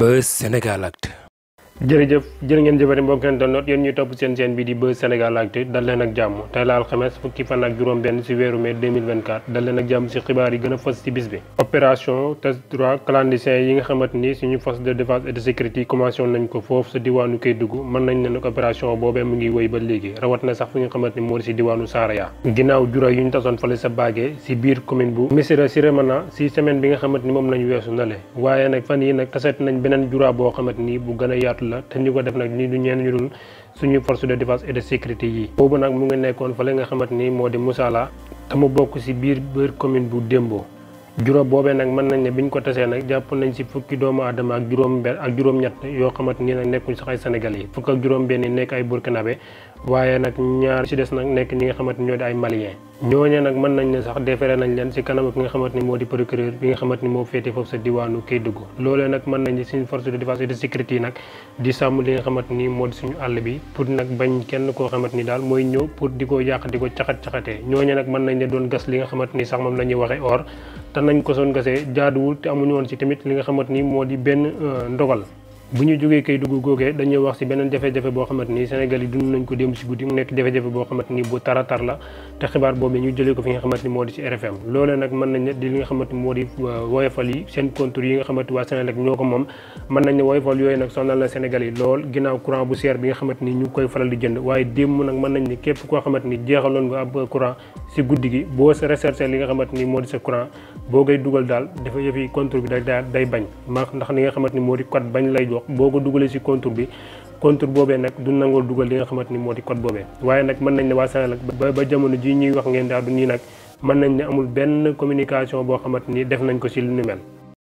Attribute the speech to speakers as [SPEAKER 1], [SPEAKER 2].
[SPEAKER 1] Buzz Sénégal Actu jërëjëf jërë ngeen jëfari mbokk internet yéen ñuy topp seen chaîne bi di Buzz Sénégal Actu dal leen ak jàmm tey la alxames fukki fan ak juróom-benn ci weeru mai 2024 ak jàmm ci xibaar yi gën a fës ci bis bi opération test droit clandestin yi nga xamante ni suñu force de défense et de sécurité yi commencé ko foofu sa diwaanu Kédougou mën nañ ne nag boobee mu ngi woy ba léegi rawat na sax fi nga xamante ni moo ci diwaanu Saraya ginnaaw jura yu ñu bi nga xamante ni moom lañ weesu na le waaye nag ni bu gën la te ñi ko def nag ñi du ñeen ñu dul suñu force de défense et de sécurité yi. boobu nag mu ngi nekkoon fële nga xamante ni moo di Musala te mu bokk si biir biir commune bu démboo juróom boobee nag mën nañ ne biñ ko tasee nag jàpp nañ ci fukki doomu aadama ak juróom benn ak juróom-ñett yoo xamante ni nag nekkuñ sax ay Sénégalais yi fukk ak juróom benn nekk ay burkinabé waaye nag ñaar si des nag nekk ñi nga xamante ni ñoo di ay Maliens. ñooñe nag mën nañ ne sax déféré nañ leen ci kanam ki nga xamante ni moo di procureur bi nga xamante ni moo féete foofu sa diwaanu Kédougou loolee nag mën nañ suñu force de défense nag di sàmm li nga xamante ni moo di suñu àll bi pour nag bañ kenn koo xamante ni daal mooy ñëw pour di ko yàq di ko caxat-caxatee ñooñe nag mën nañ ne doon gas li nga xamante ni sax moom la ñuy waxee or te nañ ko soon gasee jaaduwul te amuñu woon ci tamit li nga xamante ni moo di benn euh, ndogal bu ñu jógee kay dugg googee dañuy wax ci beneen jafe-jafe boo xamante ni Sénégal yi dund nañ ko démb ci guddi mu nekk jafe-jafe boo xamante ni bu taratar la te xibaar boobu ñu jëlee ko fi nga xamante ni moo di ci RFM loolee nag mën nañ ne sa courant boo koy dugal daal dafa yëfi contour bi day bañ ndax li nga xamante ni moo di code bañ lay jox boo ko dugalee si contre bi compte boobee nag du nangoo dugal li nga xamante ni moo di code boobee waaye nag mën nañ ne waa Senelec ba ba jamono ji ñuy wax ngeen daal du nii nag mën nañ ne amul benn communication boo xamante ni def nañ ko si lu ni mel